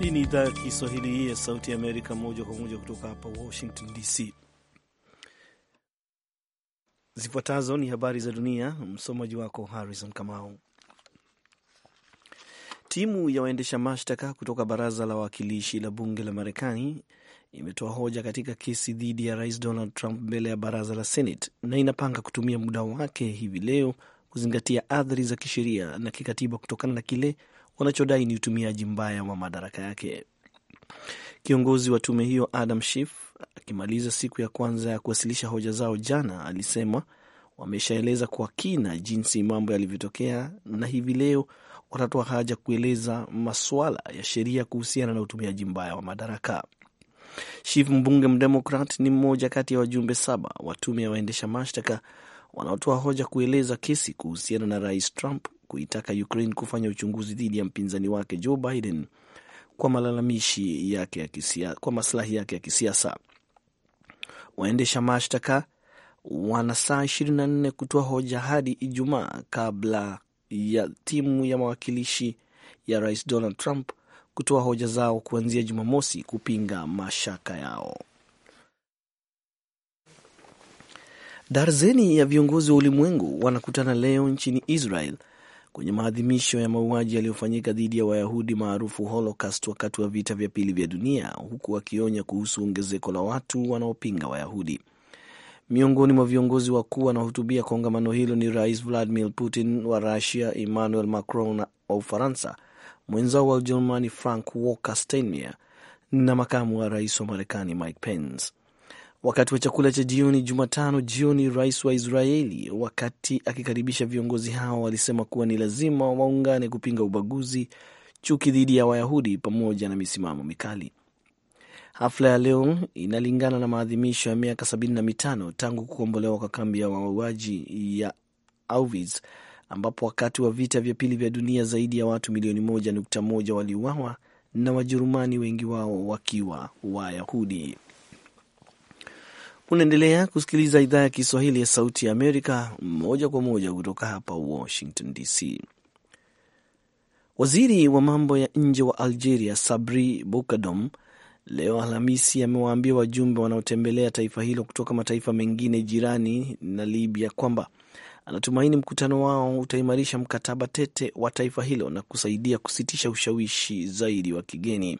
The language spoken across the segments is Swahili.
Hii ni idhaa ya Kiswahili ya Sauti ya Amerika, moja kwa moja kutoka hapa Washington DC. Zifuatazo ni habari za dunia, msomaji wako Harrison Kamau. Timu ya waendesha mashtaka kutoka baraza la wawakilishi la bunge la Marekani imetoa hoja katika kesi dhidi ya rais Donald Trump mbele ya baraza la Senate na inapanga kutumia muda wake hivi leo kuzingatia athari za kisheria na kikatiba kutokana na kile wanachodai ni utumiaji mbaya wa madaraka yake. Kiongozi wa tume hiyo Adam Schiff akimaliza siku ya kwanza ya kuwasilisha hoja zao jana, alisema wameshaeleza kwa kina jinsi mambo yalivyotokea na hivi leo watatoa haja kueleza masuala ya sheria kuhusiana na utumiaji mbaya wa madaraka. Shif, mbunge mdemokrat, ni mmoja kati ya wajumbe saba wa tume ya waendesha mashtaka wanaotoa hoja kueleza kesi kuhusiana na rais Trump kuitaka Ukraine kufanya uchunguzi dhidi ya mpinzani wake Joe Biden kwa malalamishi yake ya kisia, kwa maslahi yake ya kisiasa. Waendesha mashtaka wana saa 24 kutoa hoja hadi Ijumaa kabla ya timu ya mawakilishi ya rais Donald Trump kutoa hoja zao kuanzia Jumamosi kupinga mashaka yao. Darzeni ya viongozi wa ulimwengu wanakutana leo nchini Israel kwenye maadhimisho ya mauaji yaliyofanyika dhidi ya Wayahudi maarufu Holocaust wakati wa vita vya pili vya dunia, huku akionya kuhusu ongezeko la watu wanaopinga Wayahudi. Miongoni mwa viongozi wakuu wanaohutubia kongamano hilo ni Rais Vladimir Putin wa Russia, Emmanuel Macron wa Ufaransa, mwenzao wa Ujerumani Frank Walker Steinmeier na makamu wa rais wa Marekani Mike Pence. Wakati wa chakula cha jioni Jumatano jioni, rais wa Israeli wakati akikaribisha viongozi hao alisema kuwa ni lazima waungane kupinga ubaguzi, chuki dhidi ya Wayahudi pamoja na misimamo mikali. Hafla ya leo inalingana na maadhimisho ya miaka 75 tangu kukombolewa kwa kambi ya mauaji ya Auschwitz, ambapo wakati wa vita vya pili vya dunia zaidi ya watu milioni moja nukta moja waliuawa na Wajerumani, wengi wao wakiwa Wayahudi. Unaendelea kusikiliza idhaa ya Kiswahili ya Sauti ya Amerika moja kwa moja kutoka hapa Washington DC. Waziri wa mambo ya nje wa Algeria Sabri bukadom leo Alhamisi amewaambia wajumbe wanaotembelea taifa hilo kutoka mataifa mengine jirani na Libya kwamba anatumaini mkutano wao utaimarisha mkataba tete wa taifa hilo na kusaidia kusitisha ushawishi zaidi wa kigeni.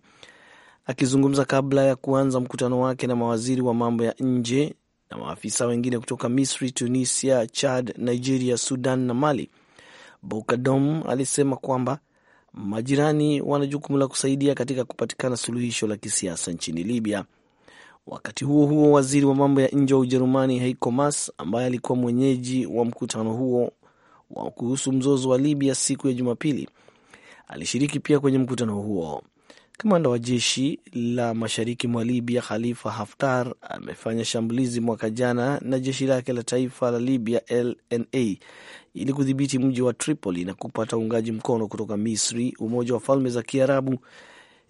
Akizungumza kabla ya kuanza mkutano wake na mawaziri wa mambo ya nje na maafisa wengine kutoka Misri, Tunisia, Chad, Nigeria, Sudan na Mali, Bukadom alisema kwamba majirani wana jukumu la kusaidia katika kupatikana suluhisho la kisiasa nchini Libya. Wakati huo huo, waziri wa mambo ya nje wa Ujerumani Heiko Maas, ambaye alikuwa mwenyeji wa mkutano huo wa kuhusu mzozo wa Libya siku ya Jumapili, alishiriki pia kwenye mkutano huo. Kamanda wa jeshi la mashariki mwa Libya Khalifa Haftar amefanya shambulizi mwaka jana na jeshi lake la taifa la Libya LNA ili kudhibiti mji wa Tripoli na kupata uungaji mkono kutoka Misri, Umoja wa Falme za Kiarabu,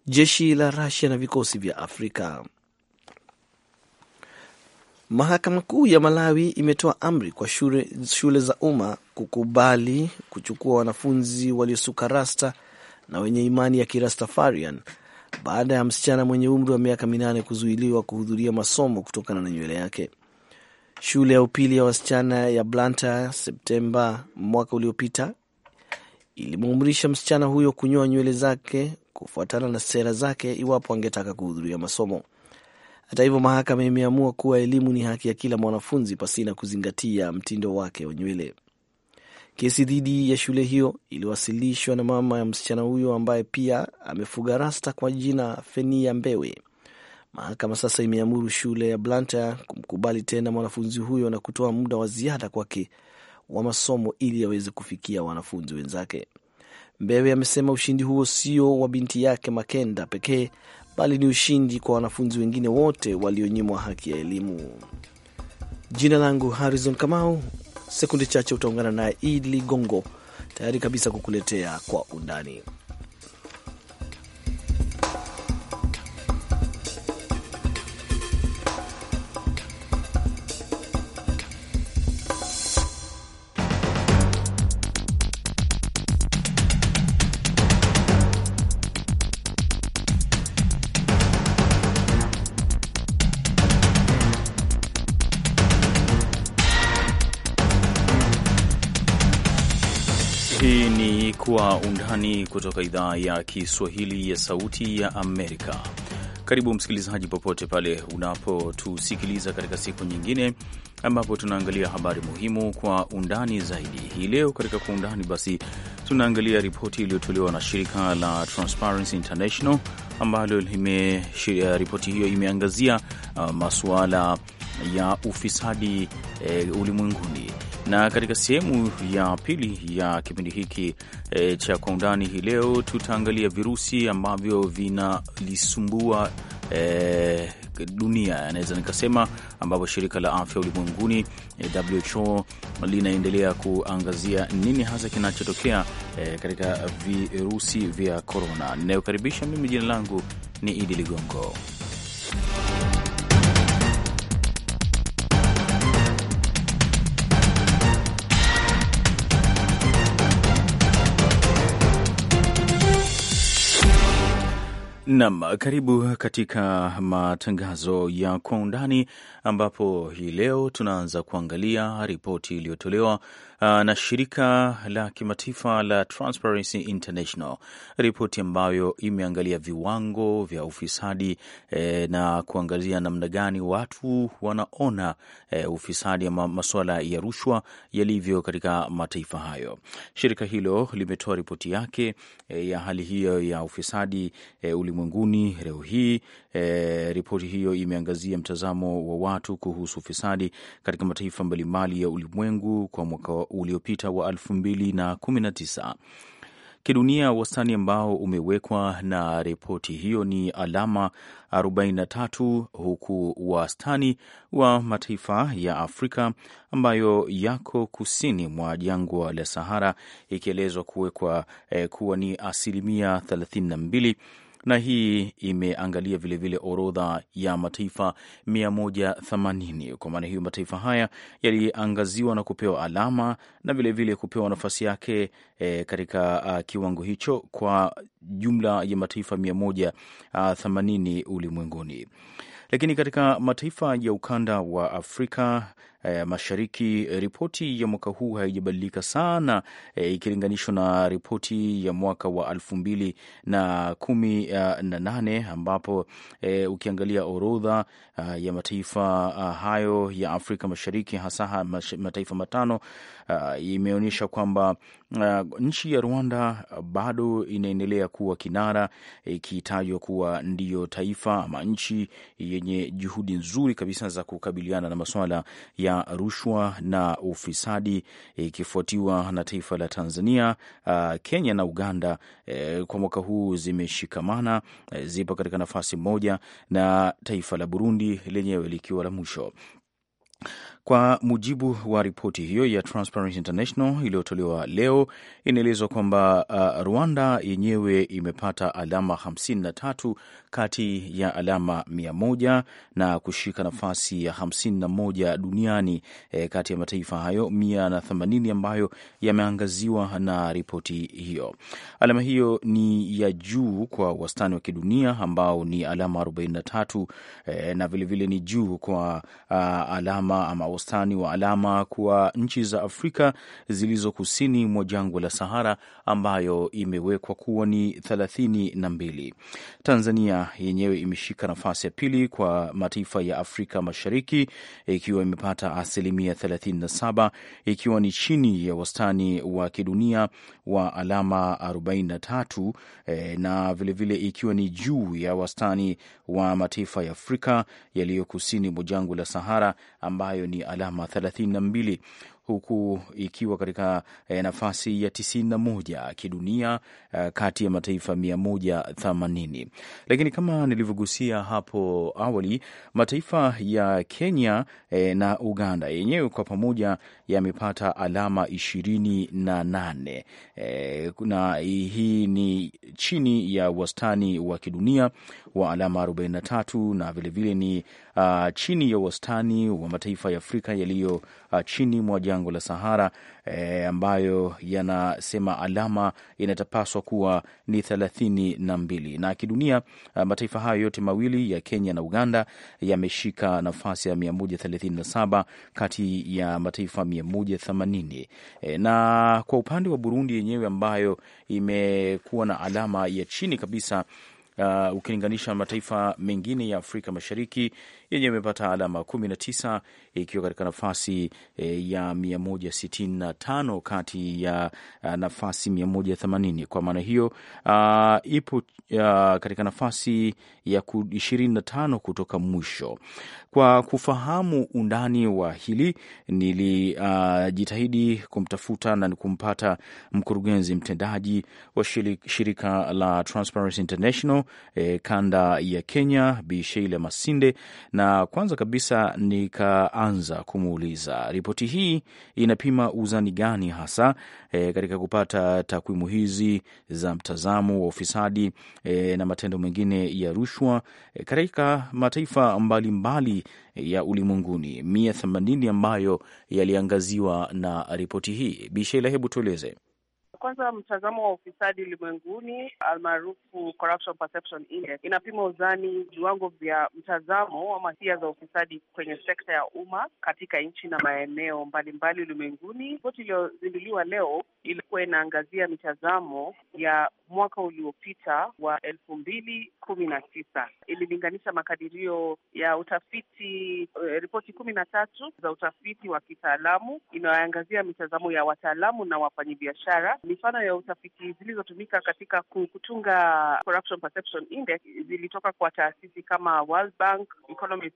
jeshi la Rusia na vikosi vya Afrika. Mahakama Kuu ya Malawi imetoa amri kwa shule, shule za umma kukubali kuchukua wanafunzi waliosuka rasta na wenye imani ya Kirastafarian baada ya msichana mwenye umri wa miaka minane kuzuiliwa kuhudhuria masomo kutokana na nywele yake. Shule ya upili ya wasichana ya Blanta Septemba mwaka uliopita ilimuamrisha msichana huyo kunyoa nywele zake kufuatana na sera zake iwapo angetaka kuhudhuria masomo. Hata hivyo, mahakama imeamua kuwa elimu ni haki ya kila mwanafunzi pasina kuzingatia mtindo wake wa nywele. Kesi dhidi ya shule hiyo iliwasilishwa na mama ya msichana huyo ambaye pia amefuga rasta kwa jina Fenia Mbewe. Mahakama sasa imeamuru shule ya Blanta kumkubali tena mwanafunzi huyo na kutoa muda wa ziada kwake wa masomo ili aweze kufikia wanafunzi wenzake. Mbewe amesema ushindi huo sio wa binti yake Makenda pekee bali ni ushindi kwa wanafunzi wengine wote walionyimwa haki ya elimu. Jina langu Harrison Kamau, Sekunde chache utaungana naye Idi Ligongo tayari kabisa kukuletea kwa undani. kutoka idhaa ya Kiswahili ya Sauti ya Amerika. Karibu msikilizaji, popote pale unapotusikiliza katika siku nyingine ambapo tunaangalia habari muhimu kwa undani zaidi. Hii leo katika Kwa Undani basi tunaangalia ripoti iliyotolewa na shirika la Transparency International ambalo eh, ripoti hiyo imeangazia uh, masuala ya ufisadi eh, ulimwenguni na katika sehemu ya pili ya kipindi hiki e, cha kwa undani hii leo tutaangalia virusi ambavyo vinalisumbua e, dunia anaweza nikasema, ambapo shirika la afya ulimwenguni e, WHO linaendelea kuangazia nini hasa kinachotokea e, katika virusi vya korona. Ninayokaribisha mimi, jina langu ni Idi Ligongo. Nam, karibu katika matangazo ya kwa undani, ambapo hii leo tunaanza kuangalia ripoti iliyotolewa Uh, na shirika la kimataifa la Transparency International, ripoti ambayo imeangalia viwango vya ufisadi e, na kuangazia namna gani watu wanaona e, ufisadi ama masuala ya rushwa yalivyo katika mataifa hayo. Shirika hilo limetoa ripoti yake e, ya hali hiyo ya ufisadi e, ulimwenguni leo hii. E, ripoti hiyo imeangazia mtazamo wa watu kuhusu ufisadi katika mataifa mbalimbali ya ulimwengu kwa mwaka uliopita wa 2019 kidunia. Wastani ambao umewekwa na ripoti hiyo ni alama 43 huku wastani wa mataifa ya Afrika ambayo yako kusini mwa jangwa la Sahara ikielezwa kuwekwa eh, kuwa ni asilimia 32 na hii imeangalia vilevile orodha ya mataifa 180. Kwa maana hiyo mataifa haya yaliangaziwa na kupewa alama na vilevile vile kupewa nafasi yake e, katika a, ah, kiwango hicho kwa jumla ya mataifa 180 ulimwenguni. Lakini katika mataifa ya ukanda wa Afrika eh, Mashariki. Eh, ripoti ya mwaka huu haijabadilika sana eh, ikilinganishwa na ripoti ya mwaka wa elfu mbili na kumi eh, na nane ambapo eh, ukiangalia orodha eh, ya mataifa hayo ya Afrika Mashariki hasa mataifa matano imeonyesha kwamba Uh, nchi ya Rwanda bado inaendelea kuwa kinara ikitajwa kuwa ndiyo taifa ama nchi yenye juhudi nzuri kabisa za kukabiliana na masuala ya rushwa na ufisadi ikifuatiwa na taifa la Tanzania, uh, Kenya na Uganda eh, kwa mwaka huu zimeshikamana, eh, zipo katika nafasi moja, na taifa la Burundi lenyewe likiwa la mwisho. Kwa mujibu wa ripoti hiyo ya Transparency International iliyotolewa leo, inaelezwa kwamba uh, Rwanda yenyewe imepata alama 53 kati ya alama 100 na kushika nafasi ya 51 duniani eh, kati ya mataifa hayo 180 ambayo yameangaziwa na ripoti hiyo. Alama hiyo ni ya juu kwa wastani wa kidunia ambao ni alama 43, eh, na vilevile vile ni juu kwa uh, alama ama wastani wa alama kwa nchi za Afrika zilizo kusini mwa jangwa la Sahara ambayo imewekwa kuwa ni thelathini na mbili. Tanzania yenyewe imeshika nafasi ya pili kwa mataifa ya Afrika Mashariki ikiwa imepata asilimia 37 ikiwa ni chini ya wastani wa kidunia wa alama 43 na vilevile eh, vile ikiwa ni juu ya wastani wa mataifa ya Afrika yaliyo kusini mwa jangwa la Sahara ambayo ni alama 32 huku ikiwa katika e, nafasi ya tisini na moja kidunia e, kati ya mataifa mia moja themanini. Lakini kama nilivyogusia hapo awali, mataifa ya Kenya e, na Uganda yenyewe kwa pamoja yamepata alama ishirini na nane e, na hii ni chini ya wastani wa kidunia wa alama 43 na vilevile ni uh, chini ya wastani wa mataifa ya Afrika yaliyo uh, chini mwa jangwa la Sahara eh, ambayo yanasema alama inatapaswa kuwa ni thelathini na mbili na kidunia uh, mataifa hayo yote mawili ya Kenya na Uganda yameshika nafasi ya saba kati ya mataifa themanini eh, na kwa upande wa Burundi yenyewe ambayo imekuwa na alama ya chini kabisa uh, ukilinganisha mataifa mengine ya Afrika Mashariki yenye imepata alama 19 ikiwa katika nafasi eh, ya 165 kati ya uh, nafasi 180. Kwa maana hiyo uh, ipo uh, katika nafasi ya 25 kutoka mwisho. Kwa kufahamu undani wa hili nilijitahidi uh, kumtafuta na kumpata mkurugenzi mtendaji wa shirika la Transparency International e, kanda ya Kenya, Bi Sheila Masinde, na kwanza kabisa nikaanza kumuuliza ripoti hii inapima uzani gani hasa e, katika kupata takwimu hizi za mtazamo wa ufisadi e, na matendo mengine ya rushwa e, katika mataifa mbalimbali mbali ya ulimwenguni mia themanini ambayo yaliangaziwa na ripoti hii. Bi Sheila, hebu tueleze kwanza, mtazamo wa ufisadi ulimwenguni almaarufu Corruption Perception Index inapima uzani viwango vya mtazamo ama hisia za ufisadi kwenye sekta ya umma katika nchi na maeneo mbalimbali ulimwenguni. Ripoti iliyozinduliwa leo ilikuwa inaangazia mitazamo ya mwaka uliopita wa elfu mbili kumi na tisa. Ililinganisha makadirio ya utafiti eh, ripoti kumi na tatu za utafiti wa kitaalamu inayoangazia mitazamo ya wataalamu na wafanyabiashara mifano ya utafiti zilizotumika katika kutunga Corruption Perception Index zilitoka kwa taasisi kama World Bank,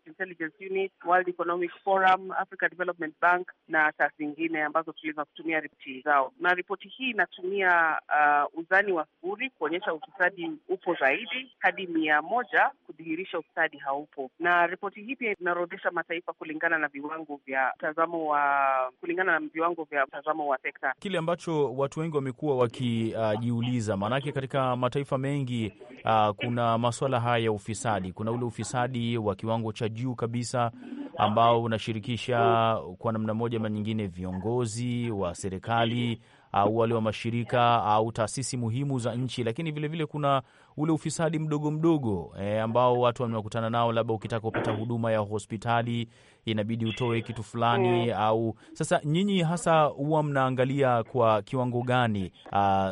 Intelligence Unit, World Economic Forum, Africa Development Bank na taasisi zingine ambazo tuliweza kutumia ripoti zao, na ripoti hii inatumia uh, uzani wa sufuri kuonyesha ufisadi upo zaidi hadi mia moja kudhihirisha ufisadi haupo, na ripoti hii pia inaorodhesha mataifa kulingana na viwango vya mtazamo wa kulingana na viwango vya mtazamo wa sekta, kile ambacho watu wengi wamekuwa wakijiuliza, uh, maanake katika mataifa mengi uh, kuna maswala haya ya ufisadi. Kuna ule ufisadi wa kiwango cha juu kabisa ambao unashirikisha kwa namna moja ama nyingine viongozi wa serikali au wale wa mashirika au taasisi muhimu za nchi, lakini vilevile vile kuna ule ufisadi mdogo mdogo e, ambao watu wanakutana nao, labda ukitaka kupata huduma ya hospitali inabidi utoe kitu fulani au. Sasa nyinyi hasa huwa mnaangalia kwa kiwango gani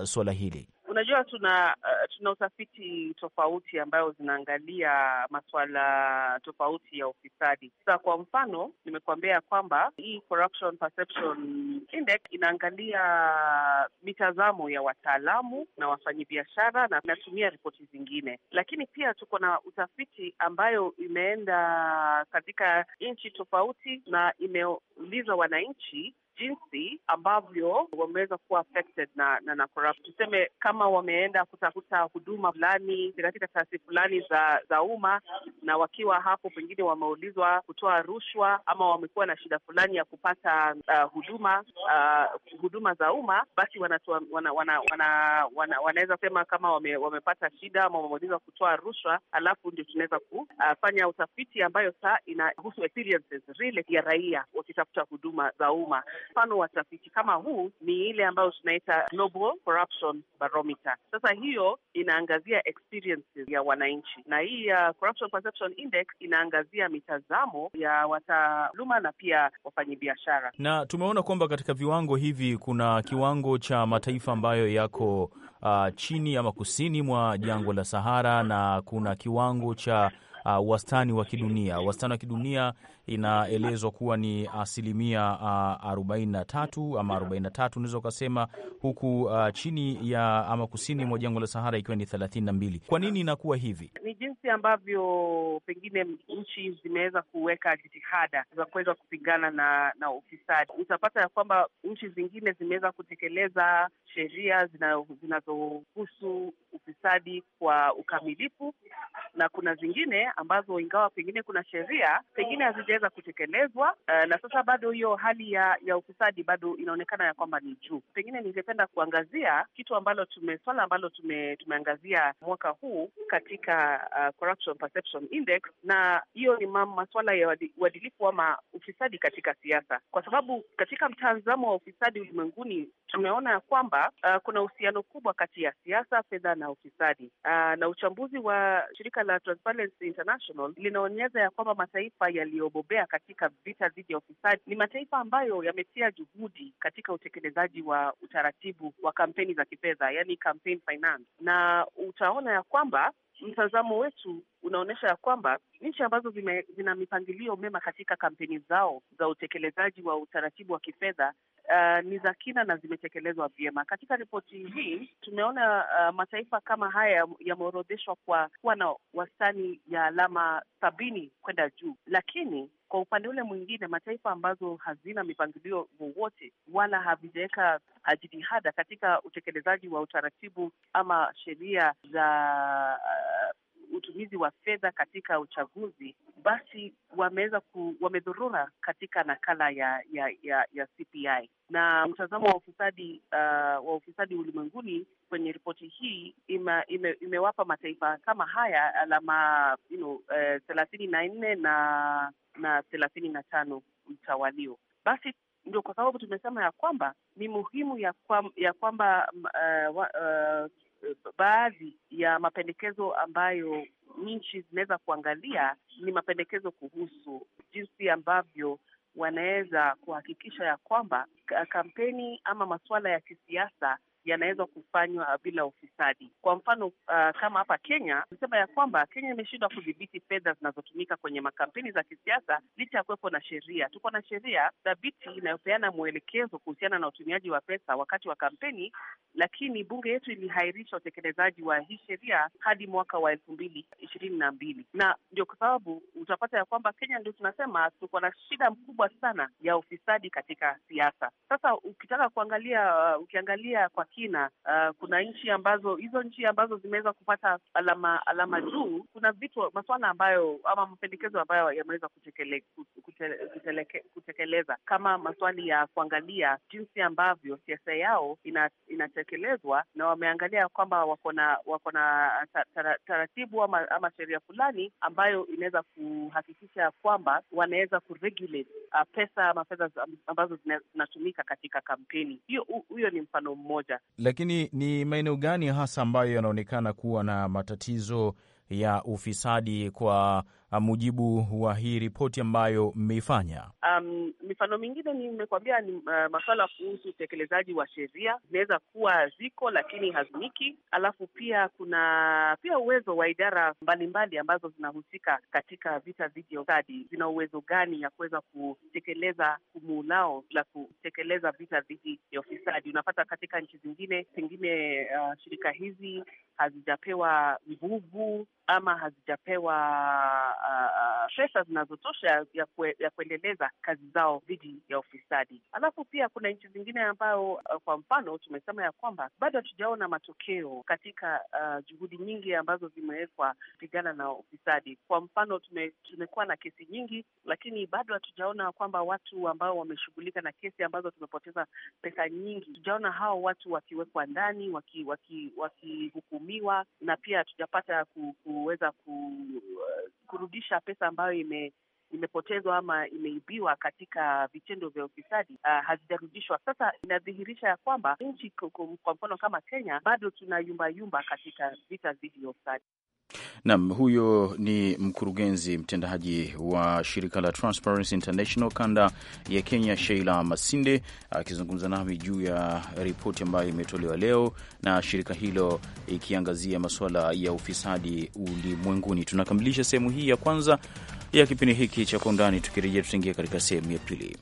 suala hili? Unajua, tuna uh, tuna utafiti tofauti ambayo zinaangalia masuala tofauti ya ufisadi. Sasa kwa mfano, nimekuambia kwamba hii Corruption Perception Index inaangalia mitazamo ya wataalamu na wafanyabiashara na inatumia ripoti zingine, lakini pia tuko na utafiti ambayo imeenda katika nchi tofauti na imeuliza wananchi jinsi ambavyo wameweza kuwa affected na, na, na corrupt. Tuseme kama wameenda kutafuta huduma fulani katika taasisi fulani za, za umma na wakiwa hapo pengine wameulizwa kutoa rushwa ama wamekuwa na shida fulani ya kupata uh, huduma uh, huduma za umma, basi wanaweza wana, wana, wana, wana, wana sema kama wame, wamepata shida ama wameulizwa kutoa rushwa, alafu ndio tunaweza kufanya uh, utafiti ambayo saa inahusu experiences real ya raia wakitafuta huduma za umma. Mfano wa tafiti kama huu ni ile ambayo tunaita Global Corruption Barometer. Sasa hiyo inaangazia experiences ya wananchi, na hii ya Corruption Perception Index inaangazia mitazamo ya wataaluma na pia wafanyabiashara, na tumeona kwamba katika viwango hivi kuna kiwango cha mataifa ambayo yako uh, chini ama kusini mwa jangwa la Sahara na kuna kiwango cha uh, wastani wa kidunia. Wastani wa kidunia inaelezwa kuwa ni asilimia uh, 43 ama 43 unaweza ukasema, huku uh, chini ya ama kusini mwa jangwa la Sahara ikiwa ni 32. Kwa nini inakuwa hivi? Ni jinsi ambavyo pengine nchi zimeweza kuweka jitihada za kuweza kupigana na, na ufisadi. Utapata ya kwamba nchi zingine zimeweza kutekeleza sheria zinazohusu ufisadi kwa ukamilifu na kuna zingine ambazo ingawa pengine kuna sheria pengine hazijaweza kutekelezwa uh, na sasa bado hiyo hali ya ya ufisadi bado inaonekana ya kwamba ni juu. Pengine ningependa kuangazia kitu ambalo tume swala ambalo tume, tumeangazia mwaka huu katika uh, Corruption Perception Index, na hiyo ni masuala ya uadilifu ama ufisadi katika siasa, kwa sababu katika mtazamo wa ufisadi ulimwenguni tumeona ya kwamba uh, kuna uhusiano kubwa kati ya siasa, fedha na ufisadi uh, na uchambuzi wa shirika la Transparency International linaonyesha ya kwamba mataifa yaliyobobea katika vita dhidi ya ufisadi ni mataifa ambayo yametia juhudi katika utekelezaji wa utaratibu wa kampeni za kifedha, yani campaign finance, na utaona ya kwamba mtazamo wetu unaonyesha ya kwamba nchi ambazo zime, zina mipangilio mema katika kampeni zao za utekelezaji wa utaratibu wa kifedha uh, ni za kina na zimetekelezwa vyema. Katika ripoti hii tumeona uh, mataifa kama haya yameorodheshwa kwa kuwa na wastani ya alama sabini kwenda juu, lakini kwa upande ule mwingine, mataifa ambazo hazina mipangilio wowote wala havijaweka jitihada katika utekelezaji wa utaratibu ama sheria za utumizi wa fedha katika uchaguzi, basi wameweza ku, wamedhurura katika nakala ya ya ya, ya CPI na mtazamo wa ufisadi uh, wa ufisadi ulimwenguni kwenye ripoti hii ima, ime, imewapa mataifa kama haya alama you know, eh, thelathini na nne na na thelathini na tano mtawalio. Basi ndio kwa sababu tumesema ya kwamba ni muhimu ya, kwa, ya kwamba uh, uh, baadhi ya mapendekezo ambayo nchi zinaweza kuangalia ni mapendekezo kuhusu jinsi ambavyo wanaweza kuhakikisha ya kwamba kampeni ama masuala ya kisiasa yanaweza kufanywa bila ufisadi. Kwa mfano uh, kama hapa Kenya sema ya kwamba Kenya imeshindwa kudhibiti fedha zinazotumika kwenye makampeni za kisiasa licha ya kuwepo na sheria. Tuko na sheria thabiti inayopeana mwelekezo kuhusiana na utumiaji wa pesa wakati wa kampeni, lakini bunge yetu ilihairisha utekelezaji wa hii sheria hadi mwaka wa elfu mbili ishirini na mbili, na ndio kwa sababu utapata ya kwamba Kenya ndio tunasema tuko na shida mkubwa sana ya ufisadi katika siasa. Sasa ukitaka kuangalia, uh, ukiangalia kwa kina. Uh, kuna nchi ambazo hizo nchi ambazo zimeweza kupata alama alama juu, kuna vitu masuala ambayo ama mapendekezo ambayo yameweza kutekele, kutele, kutele, kutekeleza kama maswali ya kuangalia jinsi ambavyo siasa yao ina, inatekelezwa na wameangalia kwamba wako na wako na taratibu ama, ama sheria fulani ambayo inaweza kuhakikisha kwamba wanaweza kuregulate uh, pesa ama fedha ambazo zinatumika katika kampeni hiyo. Huyo ni mfano mmoja lakini ni maeneo gani hasa ambayo yanaonekana kuwa na matatizo ya ufisadi kwa mujibu wa hii ripoti ambayo mmeifanya? Um, mifano mingine nimekuambia ni, uh, masuala kuhusu utekelezaji wa sheria zinaweza kuwa ziko lakini hazimiki. Alafu pia kuna pia uwezo wa idara mbalimbali ambazo zinahusika katika vita dhidi ya ufisadi, zina uwezo gani ya kuweza kutekeleza jukumu lao la kutekeleza vita dhidi ya ufisadi. Unapata katika nchi zingine pengine, uh, shirika hizi hazijapewa nguvu ama hazijapewa pesa zinazotosha ya, kue, ya kuendeleza kazi zao dhidi ya ufisadi. Alafu pia kuna nchi zingine ambayo uh, kwa mfano tumesema ya kwamba bado hatujaona matokeo katika uh, juhudi nyingi ambazo zimewekwa kupigana na ufisadi. Kwa mfano tume, tumekuwa na kesi nyingi, lakini bado hatujaona kwamba watu ambao wameshughulika na kesi ambazo tumepoteza pesa nyingi, hatujaona hao watu wakiwekwa ndani wakihukumiwa, waki, waki na pia hatujapata kuweza ku, uh, kurudisha pesa ambayo ime imepotezwa ama imeibiwa katika vitendo vya ufisadi uh, hazijarudishwa. Sasa inadhihirisha ya kwamba nchi, kwa mfano kama Kenya, bado tuna yumbayumba katika vita dhidi ya ufisadi. Nam, huyo ni mkurugenzi mtendaji wa shirika la Transparency International kanda ya Kenya, Sheila Masinde akizungumza nami juu ya ripoti ambayo imetolewa leo na shirika hilo ikiangazia masuala ya ufisadi ulimwenguni. Tunakamilisha sehemu hii ya kwanza ya kipindi hiki cha Kwa Undani. Tukirejea tutaingia katika sehemu ya pili.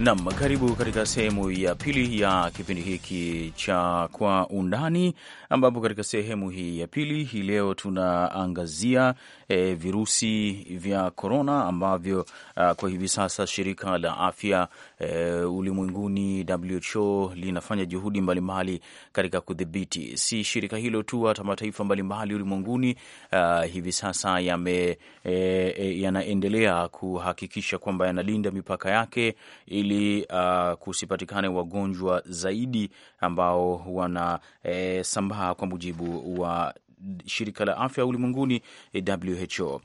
Nam, karibu katika sehemu ya pili ya kipindi hiki cha Kwa Undani, ambapo katika sehemu hii ya pili hii leo tunaangazia e, virusi vya korona ambavyo a, kwa hivi sasa shirika la afya e, ulimwenguni WHO linafanya juhudi mbalimbali katika kudhibiti. Si shirika hilo tu, hata mataifa mbalimbali ulimwenguni uh, hivi sasa yame, e, e, yanaendelea kuhakikisha kwamba yanalinda mipaka yake ili uh, kusipatikane wagonjwa zaidi ambao wanasambaa e, kwa mujibu wa shirika la afya ulimwenguni eh, WHO.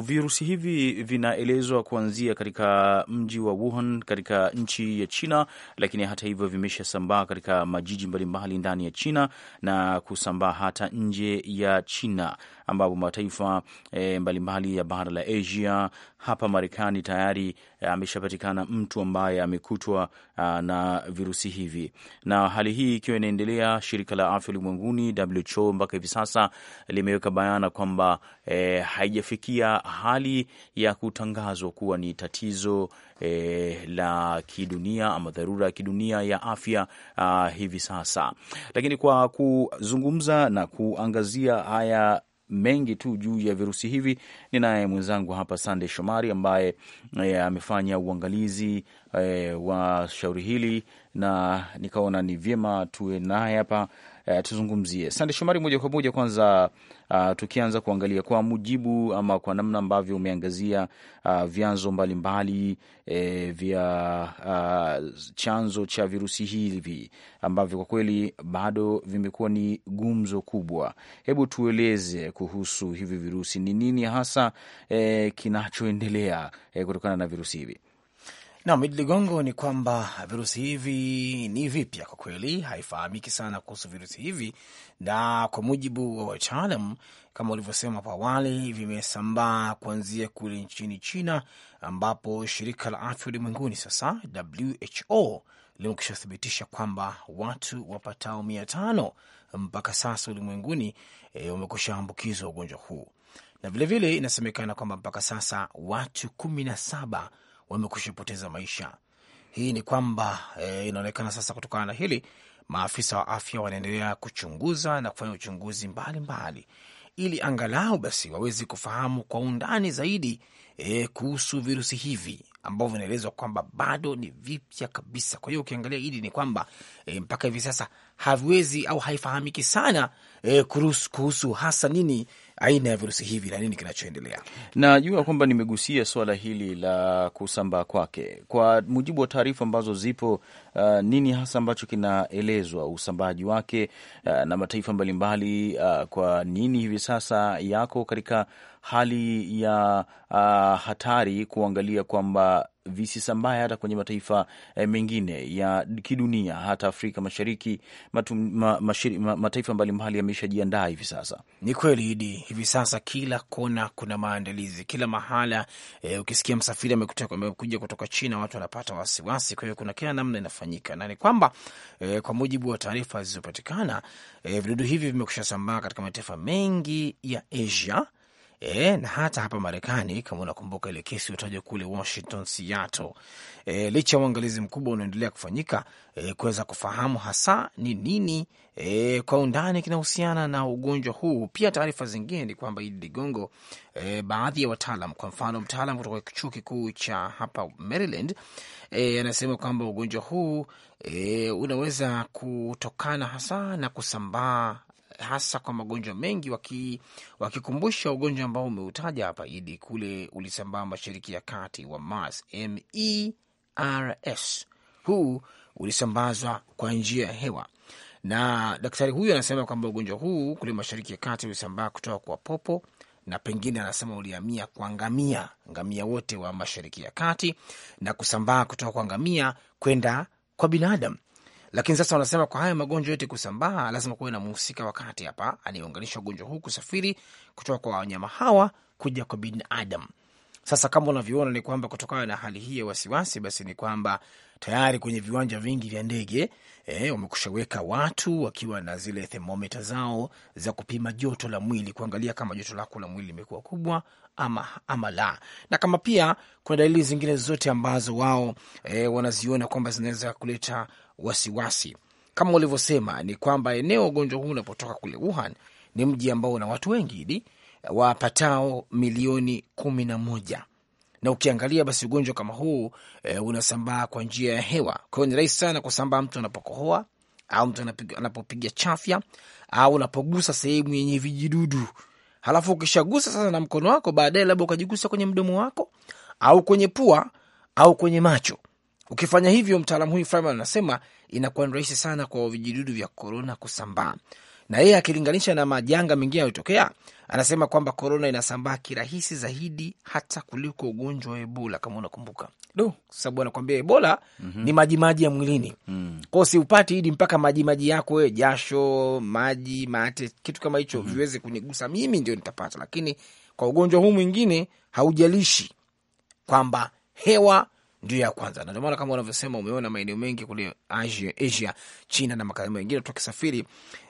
Virusi hivi vinaelezwa kuanzia katika mji wa Wuhan katika nchi ya China, lakini hata hivyo vimeshasambaa katika majiji mbalimbali ndani ya China na kusambaa hata nje ya China ambapo mataifa e, mbalimbali ya bara la Asia. Hapa Marekani tayari eh, ameshapatikana mtu ambaye amekutwa ah, na virusi hivi, na hali hii ikiwa inaendelea, shirika la afya ulimwenguni WHO mpaka hivi sasa limeweka bayana kwamba e, haijafikia hali ya kutangazwa kuwa ni tatizo e, la kidunia ama dharura ya kidunia ya afya a, ah, hivi sasa, lakini kwa kuzungumza na kuangazia haya mengi tu juu ya virusi hivi. Ni naye mwenzangu hapa Sande Shomari ambaye eh, amefanya uangalizi e, wa shauri hili na nikaona ni vyema tuwe naye hapa uh, tuzungumzie Sande Shomari moja kwa moja. Kwanza uh, tukianza kuangalia kwa mujibu ama kwa namna ambavyo umeangazia uh, vyanzo mbalimbali eh, vya uh, chanzo cha virusi hivi ambavyo kwa kweli bado vimekuwa ni gumzo kubwa, hebu tueleze kuhusu hivi virusi ni nini hasa eh, kinachoendelea eh, kutokana na virusi hivi. Naam, Idi Ligongo, ni kwamba virusi hivi ni vipya kwa kweli, haifahamiki sana kuhusu virusi hivi, na kwa mujibu wa wataalam kama ulivyosema hapo awali, vimesambaa kuanzia kule nchini China, ambapo shirika la afya ulimwenguni sasa WHO limekisha thibitisha kwamba watu wapatao mia tano mpaka sasa ulimwenguni e, ambukizwa ugonjwa huu, na vilevile inasemekana kwamba mpaka sasa watu kumi na saba wamekwisha poteza maisha. Hii ni kwamba e, inaonekana sasa, kutokana na hili, maafisa wa afya wanaendelea kuchunguza na kufanya uchunguzi mbalimbali mbali, ili angalau basi waweze kufahamu kwa undani zaidi e, kuhusu virusi hivi ambavyo vinaelezwa kwamba bado ni vipya kabisa. Kwa hiyo ukiangalia hili ni kwamba e, mpaka hivi sasa haviwezi au haifahamiki sana e, kuhusu hasa nini aina ya virusi hivi na nini kinachoendelea. Najua kwamba nimegusia swala hili la kusambaa kwake. Kwa mujibu wa taarifa ambazo zipo uh, nini hasa ambacho kinaelezwa usambaaji wake uh, na mataifa mbalimbali uh, kwa nini hivi sasa yako katika hali ya uh, hatari kuangalia kwamba visisambaye hata kwenye mataifa eh, mengine ya kidunia hata Afrika Mashariki matu, ma, mashiri, ma, mataifa mbalimbali yameshajiandaa hivi sasa. Ni kweli idi, hivi sasa kila kona kuna maandalizi kila mahala eh, ukisikia msafiri amekuja kutoka China watu wanapata wasiwasi, kwa hiyo kuna kila namna inafanyika kufanyika, na ni kwamba e, kwa mujibu wa taarifa zilizopatikana e, vidudu hivi vimekusha sambaa katika mataifa mengi ya Asia e, na hata hapa Marekani kama unakumbuka ile kesi utaja kule Washington Seattle, e, licha ya uangalizi mkubwa unaendelea kufanyika e, kuweza kufahamu hasa ni nini e, kwa undani kinahusiana na ugonjwa huu. Pia taarifa zingine ni kwamba Idi Ligongo, e, baadhi ya wataalam, kwa mfano mtaalam kutoka chuo kikuu cha hapa Maryland anasema e, kwamba ugonjwa huu e, unaweza kutokana hasa na kusambaa hasa kwa magonjwa mengi, wakikumbusha waki ugonjwa ambao umeutaja hapa Idi, kule ulisambaa mashariki ya kati wa MERS, MERS, huu ulisambazwa kwa njia ya hewa na daktari huyu anasema kwamba ugonjwa huu kule mashariki ya kati ulisambaa kutoka kwa popo na pengine anasema ulihamia kwa ngamia, ngamia wote wa mashariki ya kati na kusambaa kutoka kwa ngamia kwenda kwa binadamu. Lakini sasa wanasema kwa haya magonjwa yote kusambaa, lazima kuwe na mhusika wakati hapa anayeunganisha ugonjwa huu kusafiri kutoka kwa wanyama hawa kuja kwa binadamu. Sasa kama unavyoona ni kwamba kutokana na hali hii ya wasiwasi, basi ni kwamba tayari kwenye viwanja vingi vya ndege eh, wamekushaweka watu wakiwa na zile themometa zao za kupima joto la mwili, kuangalia kama joto lako la mwili limekuwa kubwa ama, ama la, na kama pia kuna dalili zingine zote ambazo wao e, wanaziona kwamba zinaweza kuleta wasiwasi. Kama ulivyosema, ni kwamba eneo ugonjwa huu unapotoka kule Wuhan ni mji ambao una watu wengi hidi wapatao milioni kumi na moja na ukiangalia basi ugonjwa kama huu e, unasambaa kwa njia ya hewa. Kwa hiyo ni rahisi sana kusambaa mtu anapokohoa au mtu anapopiga chafya au unapogusa sehemu yenye vijidudu halafu ukishagusa sasa na mkono wako, baadaye labda ukajigusa kwenye mdomo wako au kwenye pua au kwenye macho. Ukifanya hivyo, mtaalamu huyu Fryman anasema inakuwa ni rahisi sana kwa vijidudu vya korona kusambaa. Na yeye akilinganisha na majanga mengine yanayotokea, Anasema kwamba korona inasambaa kirahisi zaidi hata kuliko ugonjwa wa Ebola, kama unakumbuka. Do, sababu anakwambia Ebola mm -hmm. ni majimaji ya mwilini mm -hmm. kwao, siupati hidi mpaka majimaji yako wewe, jasho, maji, mate, kitu kama hicho mm -hmm. viweze kunigusa mimi, ndio nitapata. Lakini kwa ugonjwa huu mwingine haujalishi kwamba hewa ndio ya kwanza, na ndio maana kama unavyosema, umeona maeneo mengi kule Asia, Asia, China na makaa mengine, tukisafiri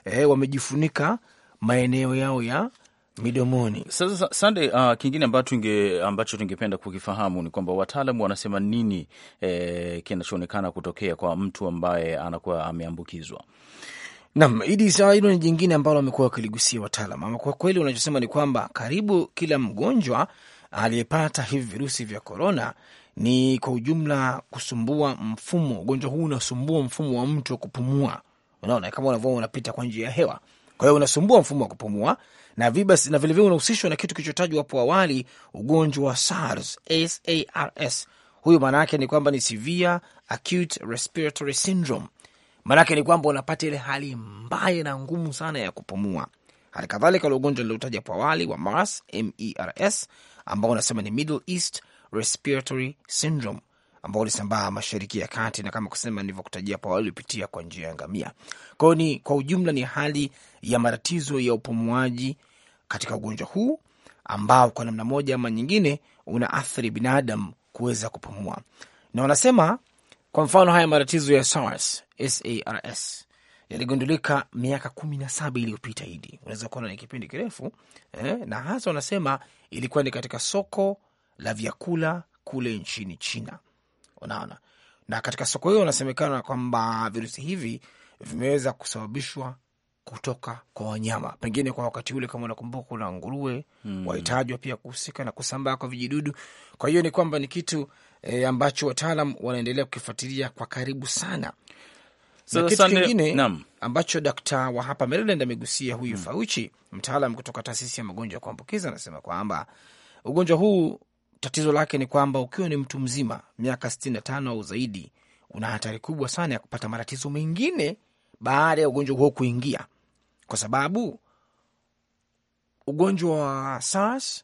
eh, wamejifunika maeneo yao ya midomoni. Sasa Sande, uh, kingine ambacho tunge, ambacho tungependa kukifahamu ni kwamba wataalamu wanasema nini eh, kinachoonekana kutokea kwa mtu ambaye anakuwa ameambukizwa Nam idi saa hilo ni jingine ambalo wamekuwa wakiligusia wataalam, ama kwa kweli unachosema ni kwamba karibu kila mgonjwa aliyepata hivi virusi vya korona ni kwa ujumla kusumbua mfumo. Ugonjwa huu unasumbua mfumo wa mtu wa kupumua, unaona kama unavyoona unapita kwa njia ya hewa, kwa hiyo unasumbua mfumo wa kupumua, na vibas na vilevile unahusishwa na kitu kilichotajwa hapo awali, ugonjwa wa SARS, SARS. Huyu maana yake ni kwamba ni severe acute respiratory syndrome, maana yake ni kwamba unapata ile hali mbaya na ngumu sana ya kupumua. Hali kadhalika ule ugonjwa niliotaja hapo awali wa MERS, MERS ambao unasema ni Middle East Respiratory Syndrome ambao ulisambaa mashariki ya kati, na kama kusema nilivyokutajia hapo awali, ulipitia kwa njia ya ngamia. Kwa hiyo ni kwa ujumla ni hali ya matatizo ya upumuaji katika ugonjwa huu ambao kwa namna moja ama nyingine una unaathiri binadamu kuweza kupumua, na wanasema kwa mfano haya matatizo ya SARS, SARS yaligundulika miaka kumi na saba iliyopita. Hidi unaweza kuona ni kipindi kirefu eh, na hasa wanasema ilikuwa ni katika soko la vyakula kule nchini China. Unaona, na katika soko hiyo unasemekana kwamba virusi hivi vimeweza kusababishwa kutoka kwa wanyama, pengine kwa wakati ule, kama unakumbuka, kuna nguruwe hmm, wahitajwa pia kuhusika na kusambaa kwa vijidudu. Kwa hiyo ni kwamba ni kitu e, ambacho wataalam wanaendelea kukifuatilia kwa karibu sana. So, na kitu kingine ambacho dakta wa hapa Maryland amegusia huyu hmm, Fauchi mtaalam kutoka taasisi ya magonjwa ya kuambukiza, anasema kwamba ugonjwa huu tatizo lake ni kwamba ukiwa ni mtu mzima miaka sitini na tano au zaidi, una hatari kubwa sana ya kupata matatizo mengine baada ya ugonjwa huo kuingia, kwa sababu ugonjwa wa SARS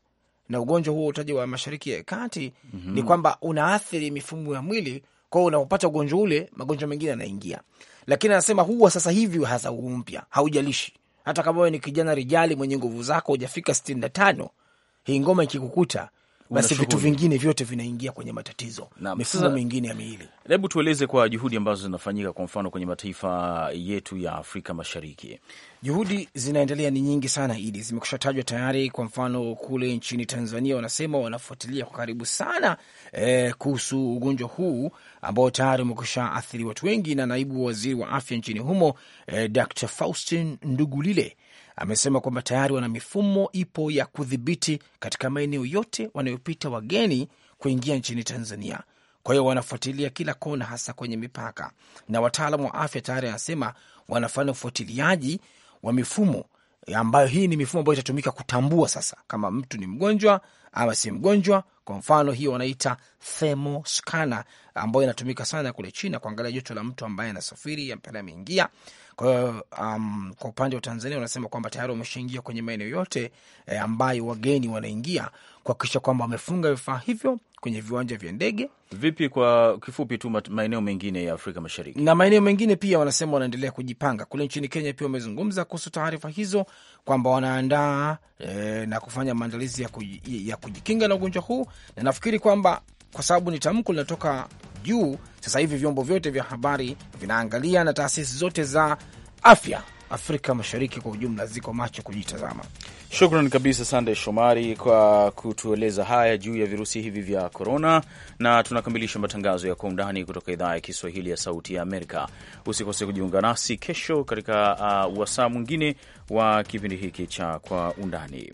na ugonjwa huo utaji wa mashariki ya kati mm -hmm. ni kwamba unaathiri mifumo ya mwili kwao, unapopata ugonjwa ule, magonjwa mengine yanaingia. Lakini anasema huwa sasa hivi hasa huu mpya haujalishi, hata kama wewe ni kijana rijali mwenye nguvu zako, hujafika sitini na tano, hii ngoma ikikukuta basi vitu vingine vyote vinaingia kwenye matatizo, mifumo mingine ya miili. Hebu tueleze kwa juhudi ambazo zinafanyika, kwa mfano kwenye mataifa yetu ya Afrika Mashariki. Juhudi zinaendelea ni nyingi sana, Idi, zimekusha tajwa tayari. Kwa mfano kule nchini Tanzania wanasema wanafuatilia kwa karibu sana eh, kuhusu ugonjwa huu ambao tayari umekusha athiri watu wengi, na naibu waziri wa afya nchini humo eh, Dr Faustin Ndugulile amesema kwamba tayari wana mifumo ipo ya kudhibiti katika maeneo yote wanayopita wageni kuingia nchini Tanzania. Kwa hiyo wanafuatilia kila kona, hasa kwenye mipaka, na wataalam wa afya tayari anasema wanafanya ufuatiliaji wa mifumo ambayo hii ni mifumo ambayo itatumika kutambua sasa kama mtu ni mgonjwa ama si mgonjwa. Kwa mfano, hiyo wanaita themoskana ambayo inatumika sana kule China kuangalia joto la mtu ambaye anasafiri, ameingia. Kwa hiyo um, kwa upande wa Tanzania wanasema kwamba tayari wameshaingia kwenye maeneo yote e, ambayo wageni wanaingia kuhakikisha kwamba wamefunga vifaa hivyo kwenye viwanja vya ndege. Vipi kwa kifupi tu maeneo mengine ya Afrika Mashariki na maeneo mengine pia, wanasema wanaendelea kujipanga. Kule nchini Kenya pia wamezungumza kuhusu taarifa hizo kwamba wanaandaa e, na kufanya maandalizi ya, kuj, ya kujikinga na ugonjwa huu, na nafikiri kwamba kwa sababu ni tamko linatoka juu. Sasa hivi vyombo vyote vya habari vinaangalia na taasisi zote za afya Afrika Mashariki kwa ujumla ziko macho kujitazama. Shukran kabisa Sande Shomari kwa kutueleza haya juu ya virusi hivi vya korona, na tunakamilisha matangazo ya Kwa Undani kutoka idhaa ya Kiswahili ya Sauti ya Amerika. Usikose kujiunga nasi kesho katika uh, wasaa mwingine wa kipindi hiki cha Kwa Undani.